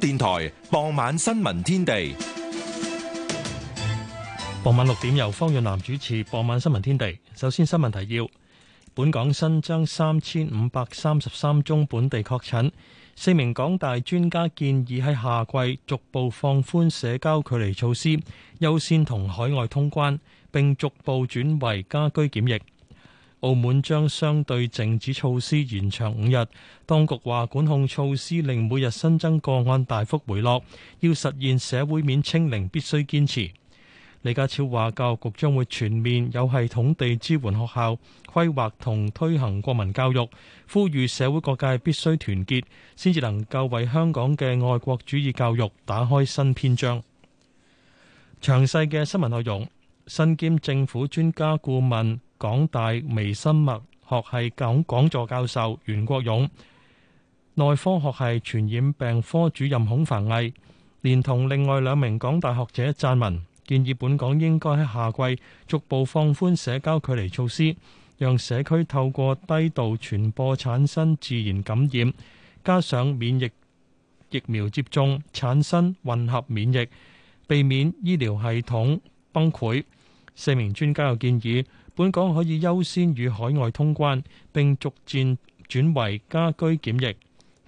電台傍晚新聞天地，傍晚六點由方潤南主持。傍晚新聞天地，首先新聞提要：本港新增三千五百三十三宗本地確診，四名港大專家建議喺夏季逐步放寬社交距離措施，優先同海外通關，並逐步轉為家居檢疫。澳門將相對靜止措施延長五日，當局話管控措施令每日新增個案大幅回落，要實現社會面清零必須堅持。李家超話，教育局將會全面有系統地支援學校規劃同推行國民教育，呼籲社會各界必須團結，先至能夠為香港嘅愛國主義教育打開新篇章。詳細嘅新聞內容，身兼政府專家顧問，港大微生物學系講講座教授袁國勇、內科學系傳染病科主任孔繁毅，連同另外兩名港大學者撰文，建議本港應該喺夏季逐步放寬社交距離措施，讓社區透過低度傳播產生自然感染，加上免疫疫苗接種產生混合免疫，避免醫療系統崩潰。四名專家又建議，本港可以優先與海外通關，並逐漸轉為家居檢疫。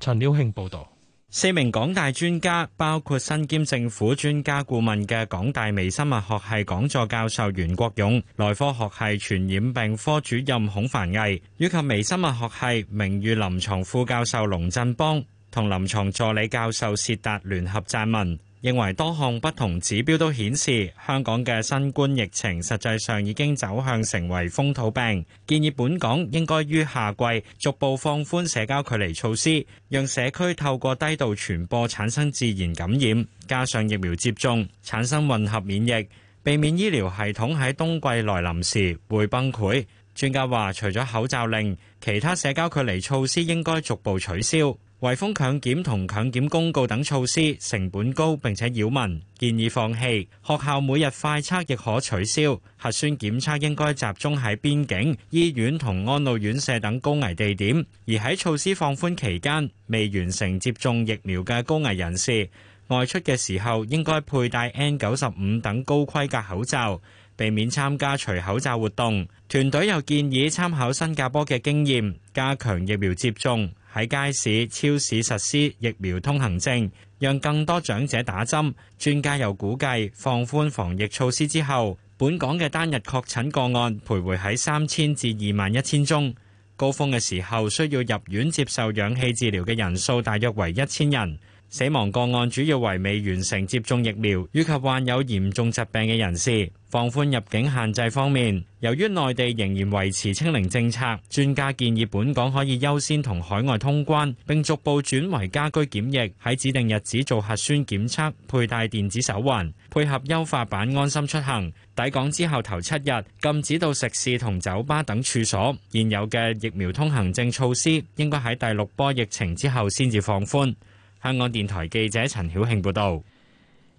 陳遼慶報道，四名港大專家包括身兼政府專家顧問嘅港大微生物學系講座教授袁國勇、內科學系傳染病科主任孔凡毅，以及微生物學系名譽臨牀副教授龍振邦同臨牀助理教授薛達聯合撰文。認為多項不同指標都顯示香港嘅新冠疫情實際上已經走向成為風土病，建議本港應該於夏季逐步放寬社交距離措施，讓社區透過低度傳播產生自然感染，加上疫苗接種產生混合免疫，避免醫療系統喺冬季來臨時會崩潰。專家話，除咗口罩令，其他社交距離措施應該逐步取消。圍封強檢同強檢公告等措施成本高並且擾民，建議放棄。學校每日快測亦可取消。核酸檢測應該集中喺邊境、醫院同安老院舍等高危地點。而喺措施放寬期間，未完成接種疫苗嘅高危人士，外出嘅時候應該佩戴 N95 等高規格口罩，避免參加除口罩活動。團隊又建議參考新加坡嘅經驗，加強疫苗接種。喺街市、超市實施疫苗通行證，讓更多長者打針。專家又估計放寬防疫措施之後，本港嘅單日確診個案徘徊喺三千至二萬一千宗。高峰嘅時候，需要入院接受氧氣治療嘅人數大約為一千人。死亡個案主要為未完成接種疫苗以及患有嚴重疾病嘅人士。放寬入境限制方面，由於內地仍然維持清零政策，專家建議本港可以優先同海外通關，並逐步轉為家居檢疫，喺指定日子做核酸檢測，佩戴電子手環，配合優化版安心出行。抵港之後頭七日禁止到食肆同酒吧等處所。現有嘅疫苗通行證措施應該喺第六波疫情之後先至放寬。香港電台記者陳曉慶報道，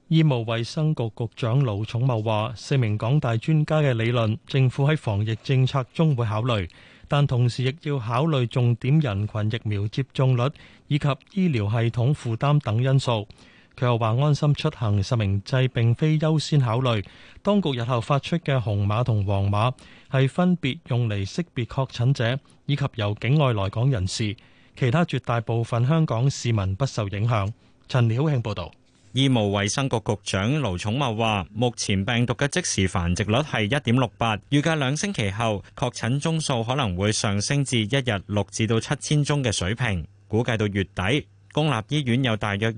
醫務衛生局局長盧寵茂話：四名港大專家嘅理論，政府喺防疫政策中會考慮，但同時亦要考慮重點人群疫苗接種率以及醫療系統負擔等因素。佢又話：安心出行實名制並非優先考慮，當局日後發出嘅紅碼同黃碼係分別用嚟識別確診者以及由境外來港人士。其他絕大部分香港市民不受影響。陳曉慶報導，醫務衛生局局長盧寵茂話：目前病毒嘅即時繁殖率係一點六八，預計兩星期後確診宗數可能會上升至一日六至到七千宗嘅水平，估計到月底。公立醫院有大約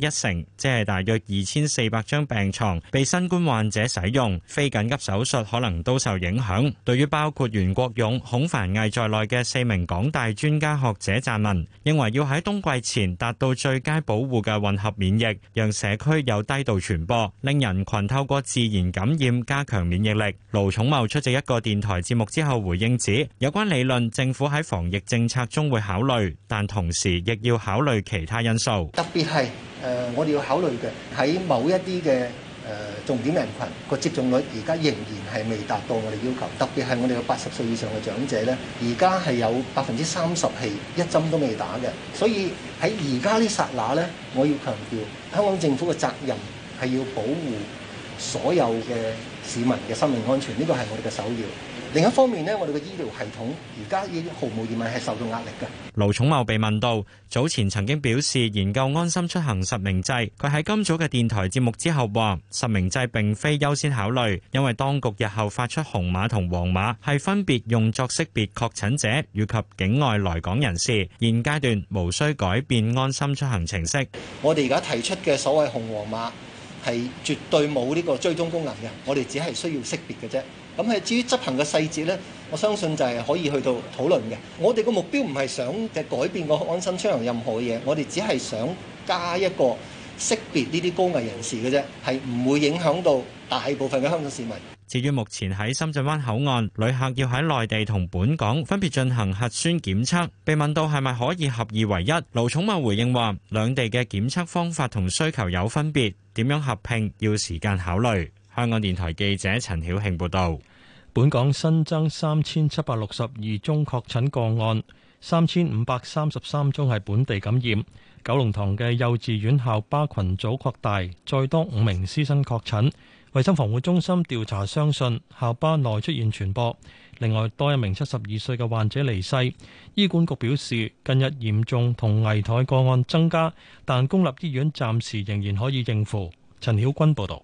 特別係誒、呃，我哋要考慮嘅喺某一啲嘅誒重點人群個接種率，而家仍然係未達到我哋要求。特別係我哋有八十歲以上嘅長者呢，而家係有百分之三十係一針都未打嘅。所以喺而家呢剎那呢，我要強調香港政府嘅責任係要保護所有嘅市民嘅生命安全，呢個係我哋嘅首要。另一方面呢，我哋嘅醫療系統而家已經毫無疑問係受到壓力嘅。盧寵茂被問到早前曾經表示研究安心出行實名制，佢喺今早嘅電台節目之後話：實名制並非優先考慮，因為當局日後發出紅碼同黃碼係分別用作識別確診者以及境外來港人士，現階段無需改變安心出行程式。我哋而家提出嘅所謂紅黃碼。係絕對冇呢個追蹤功能嘅，我哋只係需要識別嘅啫。咁係至於執行嘅細節呢，我相信就係可以去到討論嘅。我哋個目標唔係想改變個安心出行任何嘢，我哋只係想加一個識別呢啲高危人士嘅啫，係唔會影響到大部分嘅香港市民。至於目前喺深圳灣口岸，旅客要喺內地同本港分別進行核酸檢測，被問到係咪可以合二為一，盧寵茂回應話：兩地嘅檢測方法同需求有分別，點樣合併要時間考慮。香港電台記者陳曉慶報道。本港新增三千七百六十二宗確診個案，三千五百三十三宗係本地感染。九龍塘嘅幼稚園校巴群組擴大，再多五名師生確診。衞生防護中心調查相信校巴內出現傳播，另外多一名七十二歲嘅患者離世。醫管局表示，近日嚴重同危殆個案增加，但公立醫院暫時仍然可以應付。陳曉君報導。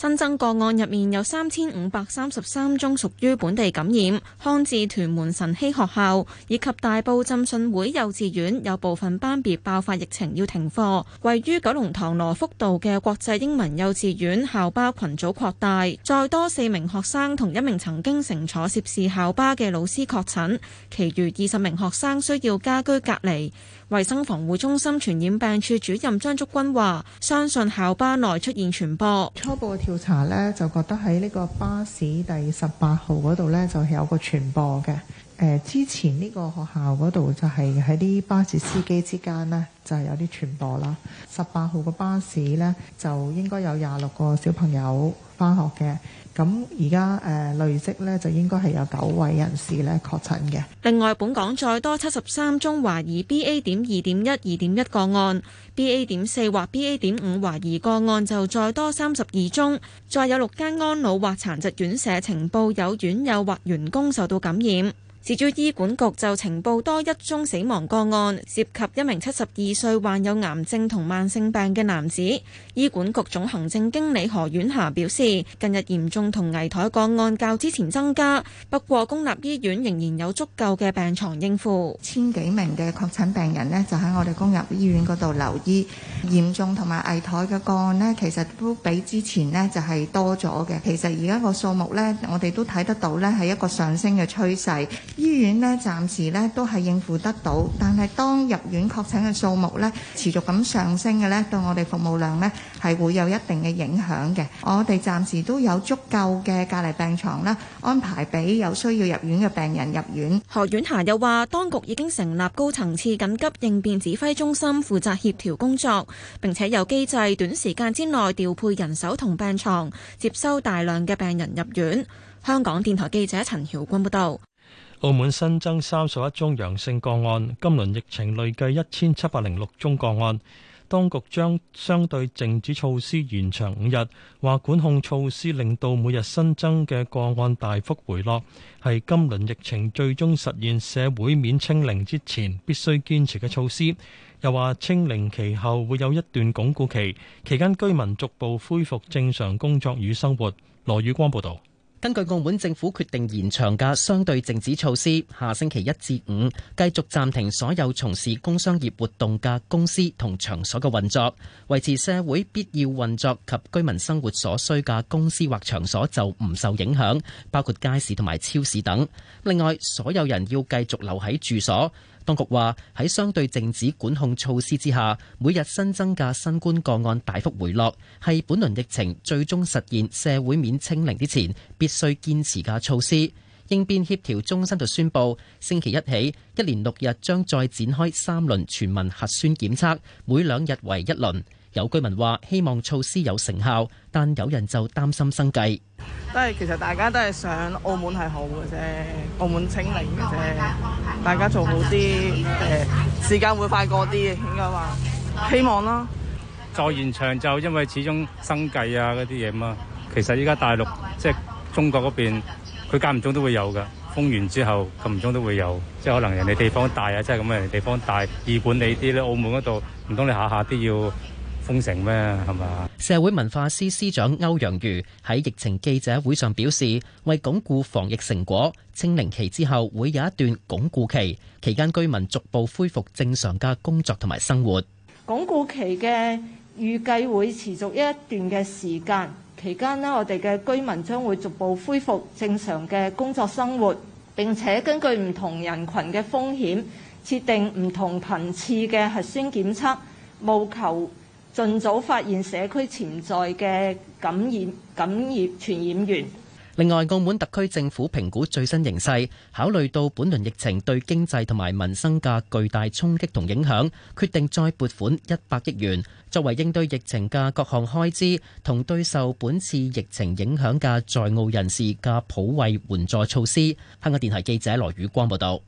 新增個案入面有三千五百三十三宗屬於本地感染，匡智屯門晨曦學校以及大埔浸信會幼稚園有部分班別爆發疫情，要停課。位於九龍塘羅福道嘅國際英文幼稚園校巴群組擴大，再多四名學生同一名曾經乘坐涉事校巴嘅老師確診，其餘二十名學生需要家居隔離。衛生防護中心傳染病處主任張竹君話：相信校巴內出現傳播。初步嘅調查呢，就覺得喺呢個巴士第十八號嗰度，呃、呢，就係有個傳播嘅。誒，之前呢個學校嗰度就係喺啲巴士司機之間呢，就係有啲傳播啦。十八號個巴士呢，就應該有廿六個小朋友翻學嘅。咁而家誒累積咧，就應該係有九位人士咧確診嘅。另外，本港再多七十三宗懷疑 BA. 點二點一、二點一個案，BA. 點四或 BA. 點五懷疑個案就再多三十二宗，再有六間安老或殘疾院舍呈報有院友或員工受到感染。至於醫管局就呈報多一宗死亡個案，涉及一名七十二歲患有癌症同慢性病嘅男子。醫管局總行政經理何婉霞表示，近日嚴重同危殆個案較之前增加，不過公立醫院仍然有足夠嘅病床應付。千幾名嘅確診病人呢，就喺我哋公立醫院嗰度留醫。嚴重同埋危殆嘅個案呢，其實都比之前呢就係多咗嘅。其實而家個數目呢，我哋都睇得到呢係一個上升嘅趨勢。醫院咧，暫時咧都係應付得到，但係當入院確診嘅數目咧持續咁上升嘅咧，對我哋服務量咧係會有一定嘅影響嘅。我哋暫時都有足夠嘅隔離病牀咧，安排俾有需要入院嘅病人入院。何婉霞又話，當局已經成立高層次緊急應變指揮中心，負責協調工作，並且有機制短時間之內調配人手同病牀，接收大量嘅病人入院。香港電台記者陳曉君報道。澳門新增三十一宗陽性個案，今輪疫情累計一千七百零六宗個案。當局將相對靜止措施延長五日，話管控措施令到每日新增嘅個案大幅回落，係今輪疫情最終實現社會面清零之前必須堅持嘅措施。又話清零期後會有一段鞏固期，期間居民逐步恢復正常工作與生活。羅宇光報道。根據澳門政府決定延長嘅相對靜止措施，下星期一至五繼續暫停所有從事工商業活動嘅公司同場所嘅運作，維持社會必要運作及居民生活所需嘅公司或場所就唔受影響，包括街市同埋超市等。另外，所有人要繼續留喺住所。當局話喺相對靜止管控措施之下，每日新增嘅新冠個案大幅回落，係本輪疫情最終實現社會面清零之前，必須堅持嘅措施。應變協調中心就宣布，星期一起，一連六日將再展開三輪全民核酸檢測，每兩日為一輪。有居民話：希望措施有成效，但有人就擔心生計都係。其實大家都係想澳門係好嘅啫，澳門清零嘅啫，大家做好啲誒，時間會快過啲，應該話希望啦。在現場就因為始終生計啊嗰啲嘢嘛，其實依家大陸即係中國嗰邊，佢間唔中都會有㗎。封完之後，間唔中都會有，即係可能人哋地方大啊，即係咁嘅地方大易管理啲咧。澳門嗰度唔通你下下都要封城咩？係嘛？社會文化司司長歐陽瑜喺疫情記者會上表示，為鞏固防疫成果，清零期之後會有一段鞏固期，期間居民逐步恢復正常嘅工作同埋生活。鞏固期嘅預計會持續一段嘅時間，期間呢，我哋嘅居民將會逐步恢復正常嘅工作生活。並且根據唔同人群嘅風險，設定唔同頻次嘅核酸檢測，務求。盡早發現社區潛在嘅感染感染傳染源。另外，澳門特區政府評估最新形勢，考慮到本輪疫情對經濟同埋民生嘅巨大衝擊同影響，決定再撥款一百億元，作為應對疫情嘅各項開支同對受本次疫情影響嘅在澳人士嘅普惠援助措施。香港電台記者羅宇光報道。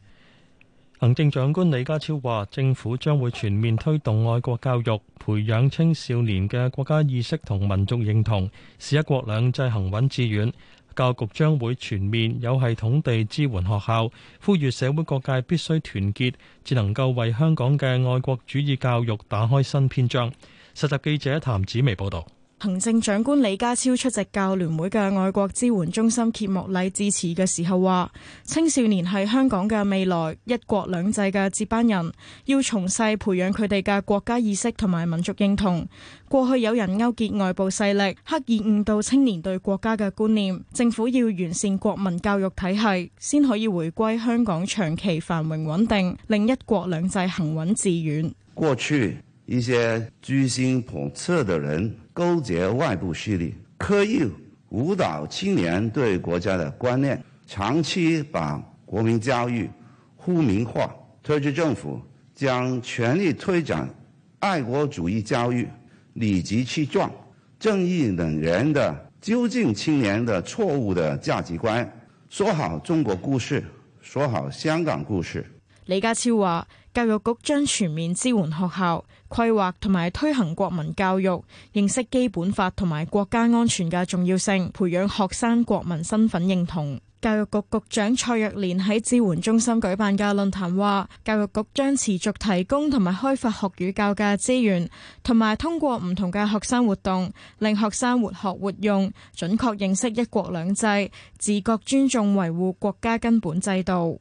行政長官李家超話：政府將會全面推動愛國教育，培養青少年嘅國家意識同民族認同，使「一國兩制」行穩致遠。教育局將會全面有系統地支援學校，呼籲社會各界必須團結，至能夠為香港嘅愛國主義教育打開新篇章。實習記者譚子薇報導。行政長官李家超出席教聯會嘅愛國支援中心揭幕禮致辭嘅時候話：青少年係香港嘅未來，一國兩制嘅接班人，要從細培養佢哋嘅國家意識同埋民族認同。過去有人勾結外部勢力，刻意誤導青年對國家嘅觀念。政府要完善國民教育體系，先可以回歸香港長期繁榮穩定，令一國兩制行穩致遠。過去。一些居心叵測的人勾結外部勢力，刻意誤導青年對國家的觀念，長期把國民教育污名化。特區政府將全力推展愛國主義教育，理直氣壯、正義凜然地糾正青年的錯誤的價值觀，說好中國故事，說好香港故事。李家超話。教育局將全面支援學校規劃同埋推行國民教育，認識基本法同埋國家安全嘅重要性，培養學生國民身份認同。教育局局長蔡若蓮喺支援中心舉辦嘅論壇話，教育局將持續提供同埋開發學與教嘅資源，同埋通過唔同嘅學生活動，令學生活學活用，準確認識一國兩制，自覺尊重維護國家根本制度。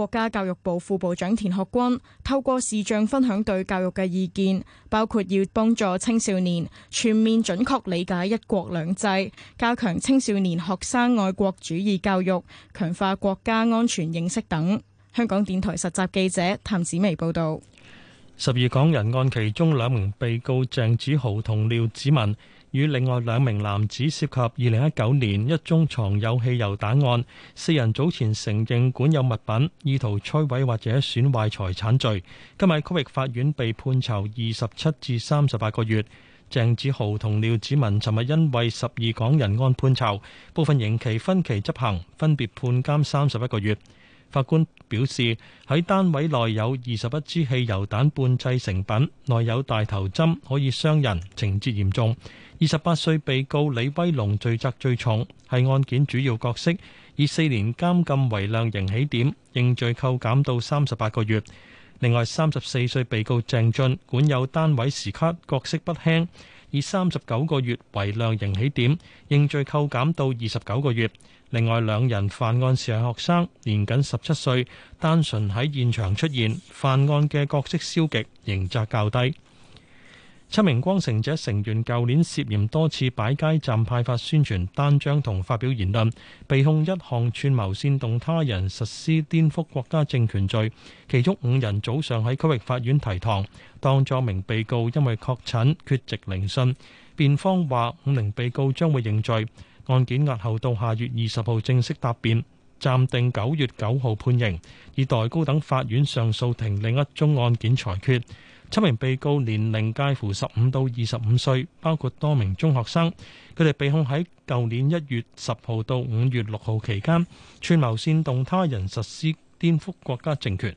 國家教育部副部長田學軍透過視像分享對教育嘅意見，包括要幫助青少年全面準確理解一國兩制，加強青少年學生愛國主義教育，強化國家安全認識等。香港電台實習記者譚子薇報道。十二港人案其中兩名被告鄭子豪同廖子文，與另外兩名男子涉及2019年一宗藏有汽油彈案，四人早前承認管有物品、意圖摧毀或者損壞財產罪。今日區域法院被判囚二十七至三十八個月。鄭子豪同廖子文尋日因為十二港人案判囚，部分刑期分期執行，分別判監三十一個月。法官表示喺單位內有二十一支汽油彈半製成品，內有大頭針可以傷人，情節嚴重。二十八歲被告李威龍罪責最重，係案件主要角色，以四年監禁為量刑起點，認罪扣減到三十八個月。另外，三十四歲被告鄭俊管有單位時刻，角色不輕，以三十九個月為量刑起點，認罪扣減到二十九個月。另外，兩人犯案時係學生，年僅十七歲，單純喺現場出現，犯案嘅角色消極，刑責較低。七名光城者成員舊年涉嫌多次擺街站派發宣傳單張同發表言論，被控一項串謀煽動他人實施顛覆國家政權罪。其中五人早上喺區域法院提堂，當中一名被告因為確診缺席聆訊。辯方話五名被告將會認罪，案件押後到下月二十號正式答辯，暫定九月九號判刑，以待高等法院上訴庭另一宗案件裁決。七名被告年齡介乎十五到二十五歲，包括多名中學生。佢哋被控喺舊年一月十號到五月六號期間串謀煽動他人實施顛覆國家政權。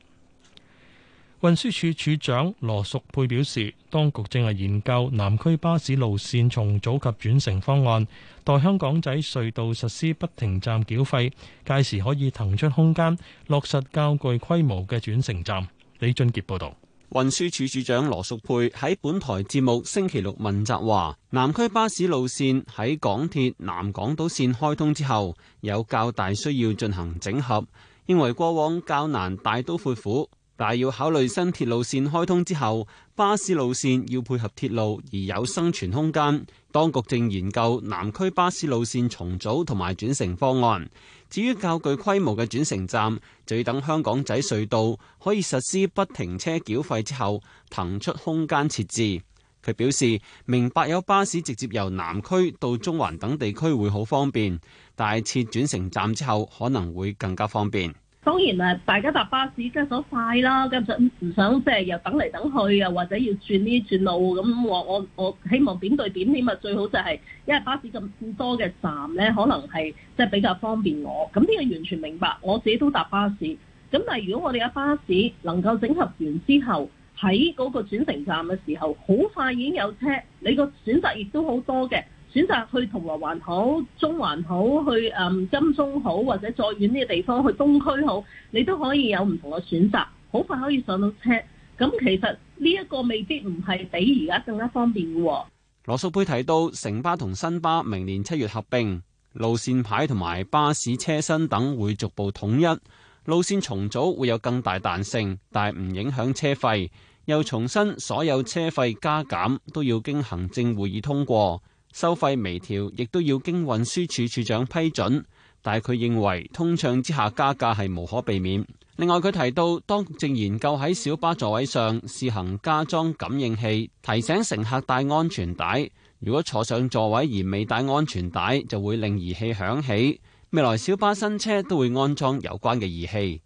運輸署署長羅淑佩表示，當局正係研究南區巴士路線重組及轉乘方案，待香港仔隧道實施不停站繳費，屆時可以騰出空間，落實較具規模嘅轉乘站。李俊傑報道。運輸署署長羅淑佩喺本台節目星期六問責，話南區巴士路綫喺港鐵南港島綫開通之後有較大需要進行整合，因為過往較難大刀闊斧，但要考慮新鐵路綫開通之後，巴士路綫要配合鐵路而有生存空間。當局正研究南區巴士路綫重組同埋轉乘方案。至於較具規模嘅轉乘站，就要等香港仔隧道可以實施不停車繳費之後，騰出空間設置。佢表示，明白有巴士直接由南區到中環等地區會好方便，但係設轉乘站之後可能會更加方便。當然啊，大家搭巴士即係好快啦，咁就唔想即係又等嚟等去，又或者要轉呢轉路咁，我我我希望點對點添，最好就係，因為巴士咁多嘅站咧，可能係即係比較方便我。咁呢個完全明白，我自己都搭巴士。咁但係如果我哋嘅巴士能夠整合完之後，喺嗰個轉乘站嘅時候，好快已經有車，你個選擇亦都好多嘅。選擇去銅鑼灣好、中環好、去誒、嗯、金鐘好，或者再遠啲嘅地方去東區好，你都可以有唔同嘅選擇，好快可以上到車。咁其實呢一個未必唔係比而家更加方便嘅。羅素貝提到，城巴同新巴明年七月合併，路線牌同埋巴士車身等會逐步統一，路線重組會有更大彈性，但係唔影響車費。又重申，所有車費加減都要經行政會議通過。收費微調亦都要經運輸署署長批准，但係佢認為通暢之下加價係無可避免。另外佢提到，當局正研究喺小巴座位上試行加裝感應器，提醒乘客戴安全帶。如果坐上座位而未戴安全帶，就會令儀器響起。未來小巴新車都會安裝有關嘅儀器。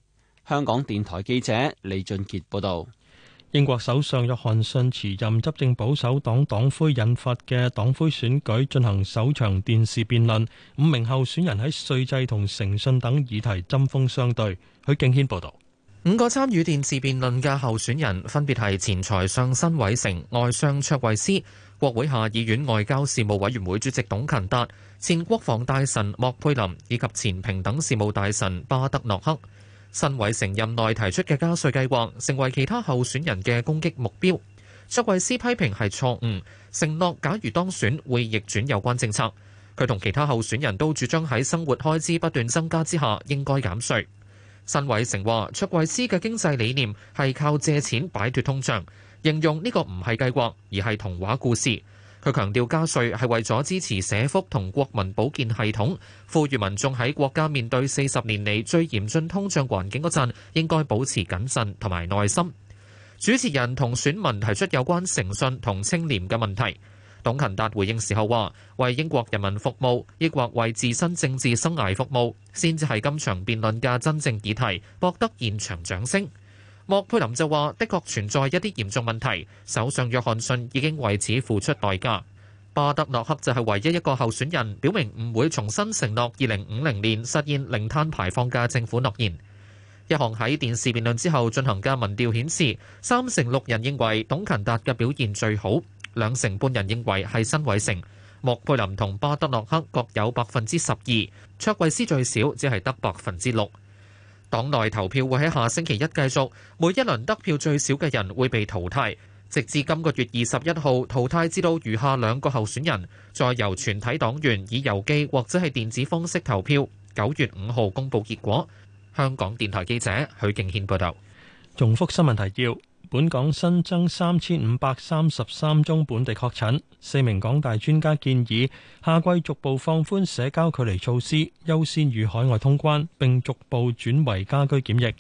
香港電台記者李俊傑報道。英國首相約翰遜辭任執政保守黨黨魁，引發嘅黨魁選舉進行首場電視辯論。五名候選人喺稅制同誠信等議題針鋒相對。許敬軒報道，五個參與電視辯論嘅候選人分別係前財相辛偉成、外相卓慧斯、國會下議院外交事務委員會主席董勤達、前國防大臣莫佩林以及前平等事務大臣巴德諾克。新委成任內提出嘅加稅計劃成為其他候選人嘅攻擊目標。卓慧思批評係錯誤，承諾假如當選會逆轉有關政策。佢同其他候選人都主張喺生活開支不斷增加之下應該減稅。辛偉誠話卓慧思嘅經濟理念係靠借錢擺脱通脹，形容呢個唔係計劃而係童話故事。佢強調加稅係為咗支持社福同國民保健系統，富裕民眾喺國家面對四十年嚟最嚴峻通脹環境嗰陣，應該保持謹慎同埋耐心。主持人同選民提出有關誠信同清廉嘅問題，董勤達回應時候話，為英國人民服務，抑或為自身政治生涯服務，先至係今場辯論嘅真正議題，博得現場掌聲。莫佩林就話：的確存在一啲嚴重問題，首相約翰遜已經為此付出代價。巴德諾克就係唯一一個候選人，表明唔會重新承諾二零五零年實現零碳排放嘅政府諾言。一項喺電視辯論之後進行嘅民調顯示，三成六人認為董勤達嘅表現最好，兩成半人認為係辛偉誠，莫佩林同巴德諾克各有百分之十二，卓慧思最少只係得百分之六。黨內投票會喺下星期一繼續，每一輪得票最少嘅人會被淘汰，直至今個月二十一號，淘汰至到餘下兩個候選人，再由全體黨員以郵寄或者係電子方式投票，九月五號公布結果。香港電台記者許敬軒報道。重複新聞提要。本港新增三千五百三十三宗本地確診，四名港大專家建議夏季逐步放寬社交距離措施，優先與海外通關，並逐步轉為家居檢疫。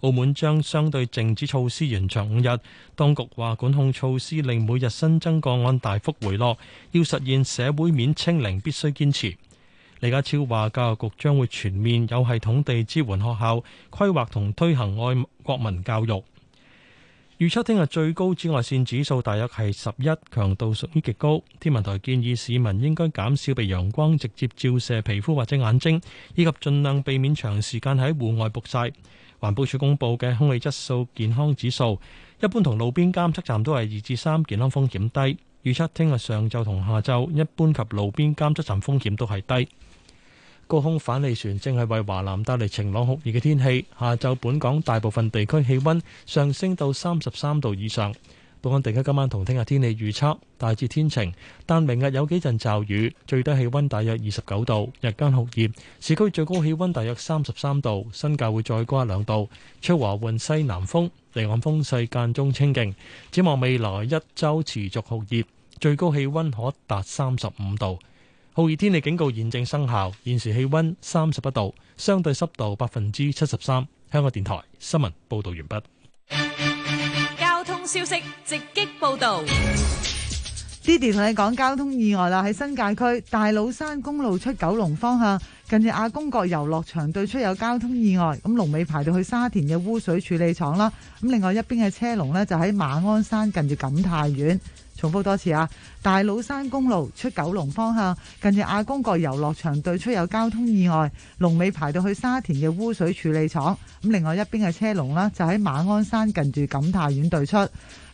澳門將相對靜止措施延長五日，當局話管控措施令每日新增個案大幅回落，要實現社會面清零必須堅持。李家超話，教育局將會全面有系統地支援學校規劃同推行愛國民教育。預測聽日最高紫外線指數大約係十一，強度屬於極高。天文台建議市民應該減少被陽光直接照射皮膚或者眼睛，以及盡量避免長時間喺戶外曝晒。環保署公布嘅空氣質素健康指數，一般同路邊監測站都係二至三，健康風險低。預測聽日上晝同下晝，一般及路邊監測站風險都係低。高空反氣旋正係為華南帶嚟晴朗酷熱嘅天氣，下晝本港大部分地區氣溫上升到三十三度以上。本港地區今晚同聽日天氣預測大致天晴，但明日有幾陣驟雨，最低氣溫大約二十九度，日間酷熱，市區最高氣溫大約三十三度，新界會再高兩度。吹和緩西南風，離岸風勢間中清勁，展望未來一周持續酷熱，最高氣溫可達三十五度。酷熱天氣警告現正生效，現時氣温三十一度，相對濕度百分之七十三。香港電台新聞報道完畢。交通消息直擊報道，Diddy 同你講交通意外啦！喺新界區大老山公路出九龍方向，近住亞公角遊樂場對出有交通意外，咁龍尾排到去沙田嘅污水處理廠啦。咁另外一邊嘅車龍呢，就喺馬鞍山近住錦泰苑。重複多次啊！大老山公路出九龍方向，近住亞公角遊樂場對出有交通意外，龍尾排到去沙田嘅污水處理廠。咁另外一邊嘅車龍呢，就喺馬鞍山近住錦泰苑對出，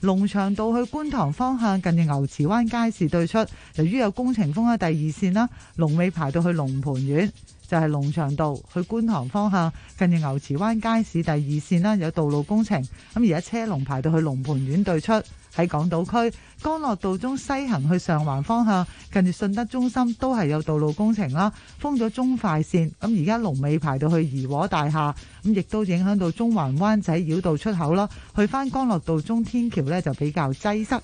龍翔道去觀塘方向，近住牛池灣街市對出，由於有工程封嘅第二線啦，龍尾排到去龍盤苑。就係龍翔道去觀塘方向，近住牛池灣街市第二線啦，有道路工程咁而家車龍排到去龍蟠苑對出喺港島區。幹諾道中西行去上環方向，近住信德中心都係有道路工程啦，封咗中快線。咁而家龍尾排到去怡和大廈，咁亦都影響到中環灣仔繞道出口咯。去返幹諾道中天橋呢，就比較擠塞。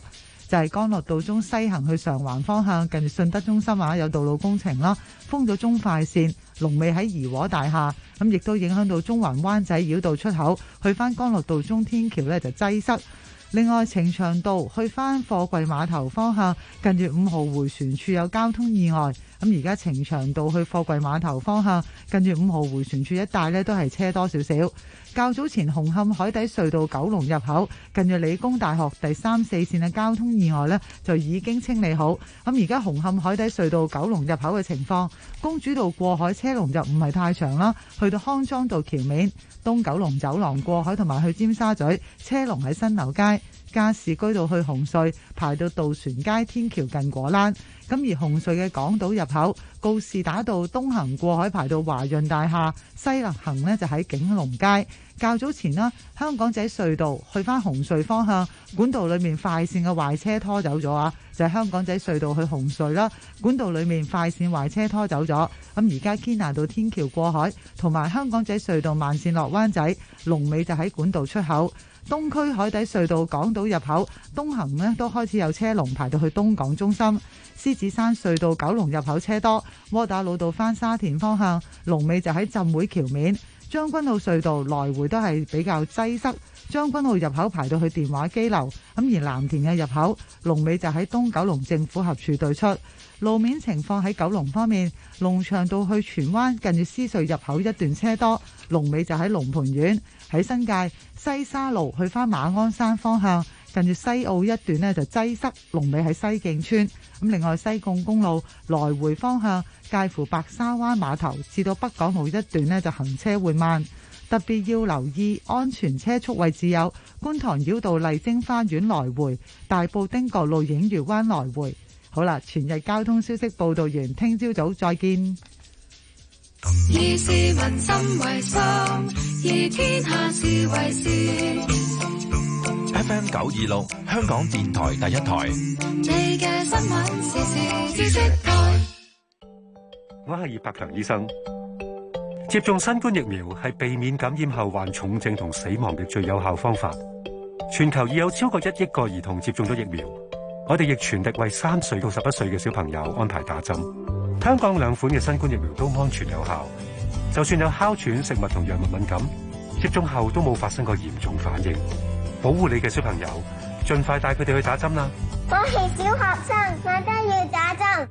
就係干諾道中西行去上環方向，近住信德中心啊，有道路工程啦，封咗中快線龍尾喺怡和大廈，咁亦都影響到中環灣仔繞道出口，去返干諾道中天橋呢，就擠塞，塞。另外，呈祥道去返貨櫃碼頭方向，近住五號回旋處有交通意外。咁而家呈祥道去貨櫃碼頭方向，近住五號回旋處一帶咧，都係車多少少。較早前紅磡海底隧道九龍入口，近住理工大學第三、四線嘅交通意外呢，就已經清理好。咁而家紅磡海底隧道九龍入口嘅情況，公主道過海車龍就唔係太長啦。去到康莊道橋面、東九龍走廊過海同埋去尖沙咀車龍喺新樓街。加士居道去紅隧，排到渡船街天橋近果欄。咁而紅隧嘅港島入口告士打道東行過海，排到華潤大廈；西行咧就喺景隆街。較早前啦，香港仔隧道去翻紅隧方向管道裏面快線嘅壞車拖走咗啊！就係、是、香港仔隧道去紅隧啦，管道裏面快線壞車拖走咗。咁而家堅拿道天橋過海，同埋香港仔隧道慢線落灣仔龍尾就喺管道出口。東區海底隧道港島入口東行呢都開始有車龍排到去東港中心，獅子山隧道九龍入口車多，窩打老道返沙田方向龍尾就喺浸會橋面，將軍澳隧道來回都係比較擠塞。將軍澳入口排到去電話機樓，咁而藍田嘅入口龍尾就喺東九龍政府合署對出。路面情況喺九龍方面，龍翔道去荃灣近住獅隧入口一段車多，龍尾就喺龍蟠苑。喺新界西沙路去返馬鞍山方向，近住西澳一段呢就擠塞，龍尾喺西徑村。咁另外西貢公路來回方向介乎白沙灣碼頭至到北港路一段呢就行車緩慢。特別要留意安全車速位置，有觀塘繞道麗晶花園來回、大埔汀角路映月灣來回。好啦，全日交通消息報道完，聽朝早再見。以市民心為心，以天下事為事。FM 九二六，香港電台第一台。我係葉柏強醫生。接種新冠疫苗係避免感染後患重症同死亡嘅最有效方法。全球已有超過一億個兒童接種咗疫苗，我哋亦全力為三歲到十一歲嘅小朋友安排打針。香港兩款嘅新冠疫苗都安全有效，就算有哮喘、食物同藥物敏感，接種後都冇發生過嚴重反應。保護你嘅小朋友，盡快帶佢哋去打針啦！我係小學生，我都要打針。